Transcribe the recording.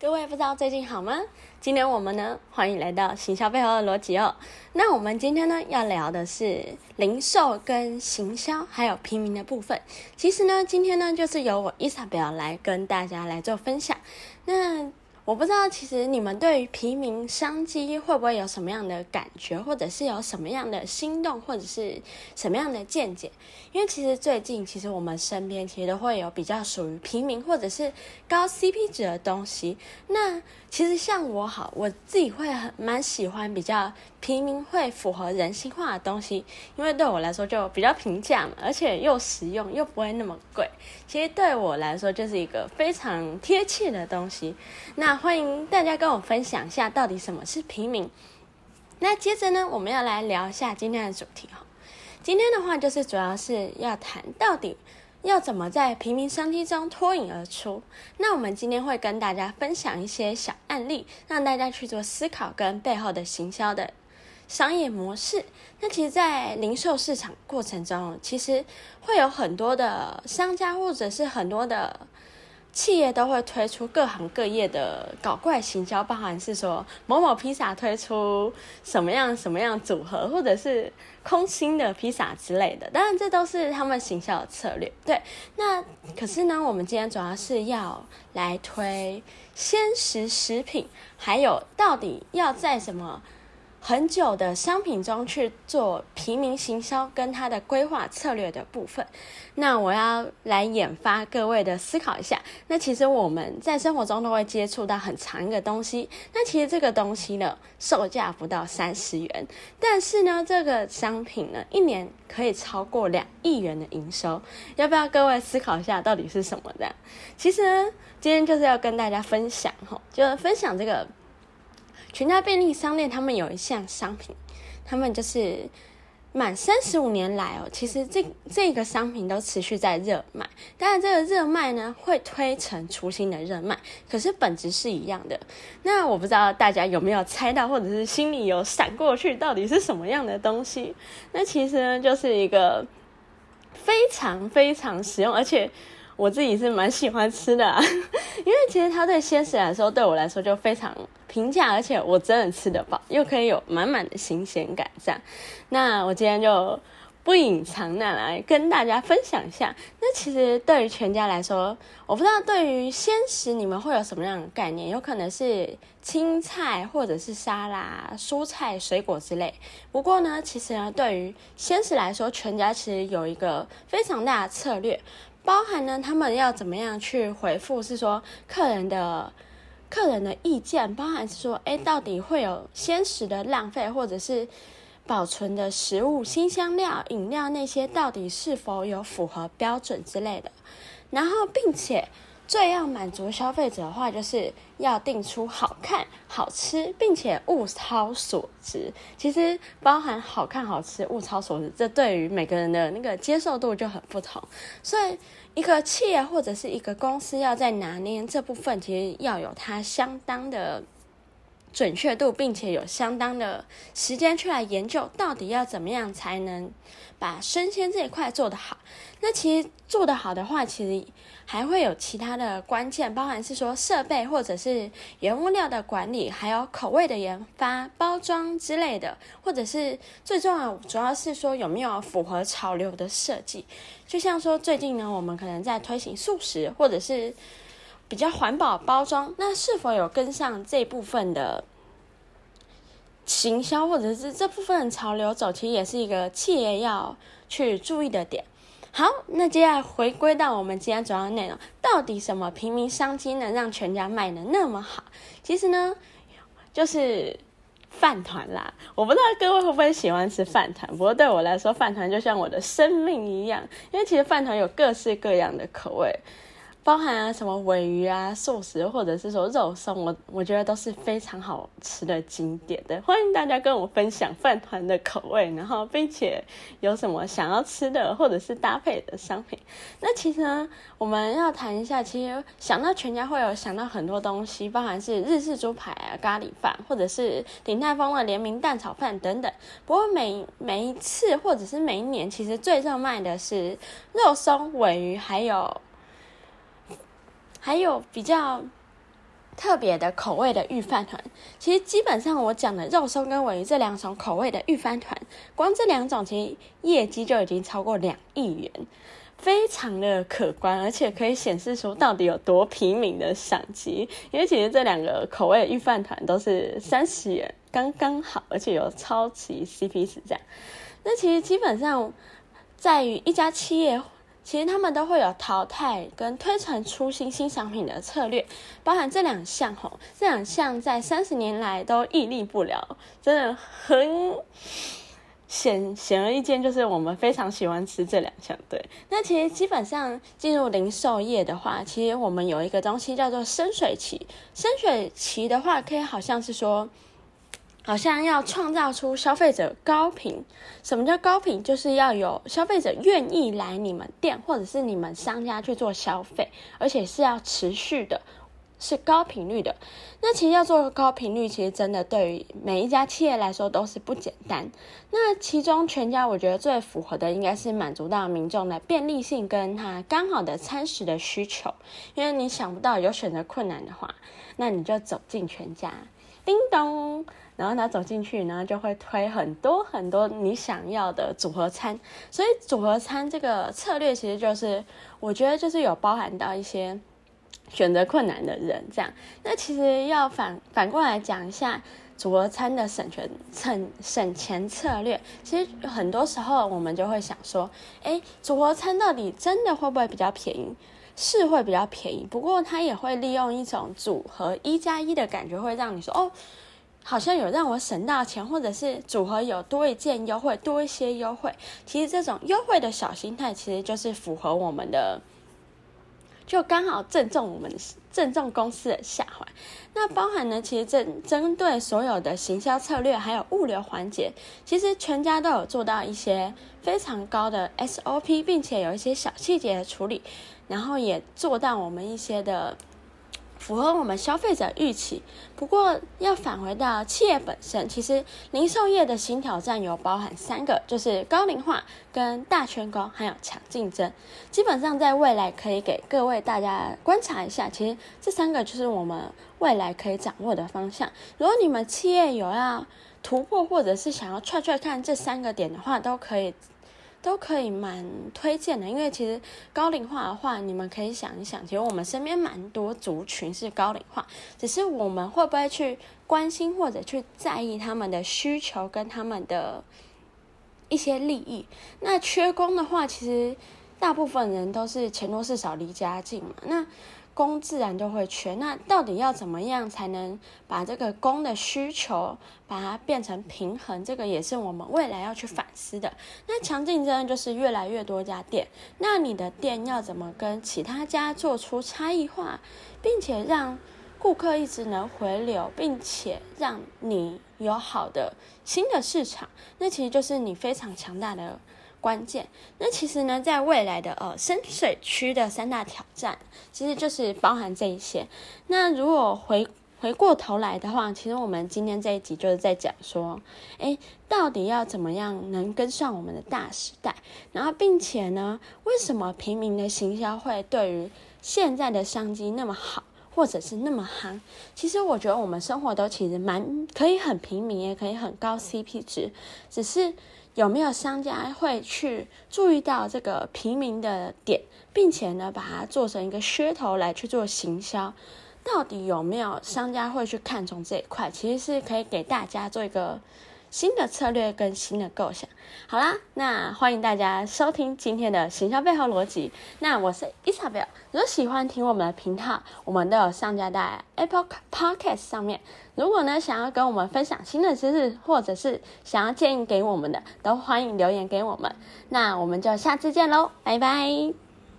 各位不知道最近好嗎？今天我們呢，歡迎來到行銷背後的邏輯哦。那我們今天呢，要聊的是零售跟行銷還有平民的部分。其實呢，今天呢，就是由我伊莎貝爾來跟大家來做分享。那我不知道，其實你們對於平民商機會不會有什麼樣的感覺，或者是有什麼樣的心動，或者是什麼樣的見解？因為其實最近，其實我們身邊其實都會有比較屬於平民或者是高 CP 值的東西。那其實像我好，我自己會很蠻喜歡比較。平民會符合人性化的東西，因為對我來說就比較平價嘛，而且又實用又不會那麼貴。其實對我來說就是一個非常貼切的東西。那歡迎大家跟我分享一下到底什麼是平民。那接着呢，我們要來聊一下今天的主題哈。今天的話就是主要是要談到底要怎麼在平民商機中脫穎而出。那我們今天會跟大家分享一些小案例，讓大家去做思考跟背後的行銷的。商業模式，那其實，在零售市場過程中，其實會有很多的商家或者是很多的企業都會推出各行各業的搞怪行銷，包含是說某某披薩推出什麼樣什麼樣組合，或者是空心的披薩之類的。當然，這都是他們行銷的策略。對，那可是呢，我們今天主要是要來推鮮食食品，還有到底要在什麼？很久的商品中去做平民行銷跟它的規劃策略的部分，那我要來引發各位的思考一下。那其實我們在生活中都會接觸到很長一個東西，那其實這個東西呢，售價不到三十元，但是呢，這個商品呢，一年可以超過兩億元的營收。要不要各位思考一下，到底是什麼的？其實呢，今天就是要跟大家分享哈，就是分享這個。全家便利商店，他們有一項商品，他們就是滿三十五年來哦、喔，其實這這一個商品都持續在熱賣。當然，這個熱賣呢會推陳出新的熱賣，可是本質是一樣的。那我不知道大家有沒有猜到，或者是心裡有閃過去到底是什麼樣的東西？那其實呢，就是一個非常非常實用，而且我自己是蠻喜歡吃的啊。因為其實它對鮮食來說，對我來說就非常平價，而且我真的吃得飽，又可以有滿滿的新鮮感。這樣，那我今天就不隱藏地來跟大家分享一下。那其實對於全家來說，我不知道對於鮮食你們會有什麼樣的概念，有可能是青菜或者是沙拉、蔬菜、水果之類。不過呢，其實呢，對於鮮食來說，全家其實有一個非常大的策略。包含呢，他們要怎麼樣去回復，是說客人的客人的意見，包含是說，哎，到底會有鮮食的浪費，或者是保存的食物、辛香料、飲料那些，到底是否有符合標準之類的。然後，並且。最要滿足消費者的話，就是要訂出好看、好吃，並且物超所值。其實包含好看、好吃、物超所值，這對於每個人的那個接受度就很不同。所以，一個企業或者是一個公司要在拿捏這部分，其實要有它相當的。準確度，並且有相當的時間去來研究，到底要怎麼樣才能把生鮮這一塊做得好。那其實做得好的話，其實還會有其他的關鍵，包含是說設備或者是原物料的管理，還有口味的研發、包裝之類的，或者是最重要，主要是說有沒有符合潮流的設計。就像說最近呢，我們可能在推行素食，或者是。比較環保包裝，那是否有跟上這部分的行銷，或者是這部分潮流走？其實也是一個企業要去注意的點。好，那接下來回歸到我們今天主要內容，到底什麼平民商機能讓全家賣得那麼好？其實呢，就是飯團啦。我不知道各位會不會喜歡吃飯團，不過對我來說，飯團就像我的生命一樣，因為其實飯團有各式各樣的口味。包含啊，什麼鮪魚啊、素食或者是說肉鬆，我我覺得都是非常好吃的經典的。歡迎大家跟我分享飯糰的口味，然後並且有什麼想要吃的或者是搭配的商品。那其實呢，我們要談一下，其實想到全家會有想到很多東西，包含是日式豬排啊、咖喱飯，或者是鼎泰豐的聯名蛋炒飯等等。不過每每一次或者是每一年，其實最熱賣的是肉鬆、鮪魚，還有，還有比較特別的口味的御飯糰，其實基本上我講的肉鬆跟鲔魚這兩種口味的御飯糰，光這兩種其實業績就已經超過兩億元，非常的可觀，而且可以顯示出到底有多平民的商機。因為其實這兩個口味的御飯糰都是三十元，剛剛好，而且有超級 CP 值。這樣，那其實基本上在於一家企業。其實他們都會有淘汰跟推陳出新，新商品的策略，包含這兩項吼，這兩項在三十年來都屹立不倒，真的很顯顯而易見，就是我們非常喜歡吃這兩項。對， 那其實基本上進入零售業的話，其實我們有一個東西叫做深水期，深水期的話，可以好像是說。好像要創造出消費者高頻，什麼叫高頻？就是要有消費者願意來你們店，或者是你們商家去做消費，而且是要持續的，是高頻率的。那其實要做高頻率，其實真的對於每一家企業來說都是不簡單。那其中全家，我覺得最符合的應該是滿足到民眾的便利性跟他剛好的餐食的需求，因為你想不到有選擇困難的話，那你就走進全家。叮咚，然後他走進去，然後就會推很多很多你想要的組合餐。所以組合餐這個策略，其實就是我覺得就是有包含到一些選擇困難的人這樣。那其實要反反過來講一下組合餐的省全省省錢策略，其實很多時候我們就會想說，哎，組合餐到底真的會不會比較便宜？是會比較便宜，不過他也會利用一種組合一加一的感覺，會讓你說哦，好像有讓我省到錢，或者是組合有多一件優惠，多一些優惠。其實這種優惠的小心態，其實就是符合我們的。就剛好正中我們正中公司的下懷。那包含呢，其實針針對所有的行銷策略，還有物流環節，其實全家都有做到一些非常高的 SOP，並且有一些小細節的處理，然後也做到我們一些的。符合我們消費者預期，不過要返回到企業本身，其實零售業的新挑戰有包含三個，就是高齡化、跟大圈高還有強競爭。基本上在未來可以給各位大家觀察一下，其實這三個就是我們未來可以掌握的方向。如果你們企業有要突破或者是想要踹踹看這三個點的話，都可以，都可以蠻推薦的，因為其實高齡化的話，你們可以想一想，其實我們身邊蠻多族群是高齡化，只是我們會不會去關心或者去在意他們的需求跟他們的一些利益？那缺工的話，其實大部分人都是錢多事少、離家近嘛。那供自然都會缺，那到底要怎麼樣才能把這個供的需求把它變成平衡？這個也是我們未來要去反思的。那強競爭就是越來越多家店，那你的店要怎麼跟其他家做出差異化，並且讓顧客一直能回流，並且讓你有好的新的市場？那其實就是你非常強大的。關鍵，那其實呢，在未來的呃、哦、深水區的三大挑戰，其實就是包含這一些。那如果回回過頭來的話，其實我們今天這一集就是在講說，哎，到底要怎麼樣能跟上我們的大時代？然後，並且呢，為什麼平民的行銷會對於現在的商機那麼好，或者是那麼夯？其實我覺得我們生活都其實蠻可以很平民，也可以很高 CP 值，只是。有沒有商家會去注意到這個平民的點，並且呢，把它做成一個噱頭來去做行銷？到底有沒有商家會去看重這一塊？其實是可以給大家做一個。新的策略跟新的構想，好啦，那歡迎大家收聽今天的行銷背後邏輯。那我是 Isabel，如果喜歡聽我們的頻道，我們都有上架在 Apple Podcast 上面。如果呢想要跟我們分享新的知識，或者是想要建議給我們的，都歡迎留言給我們。那我們就下次見嘍，拜拜。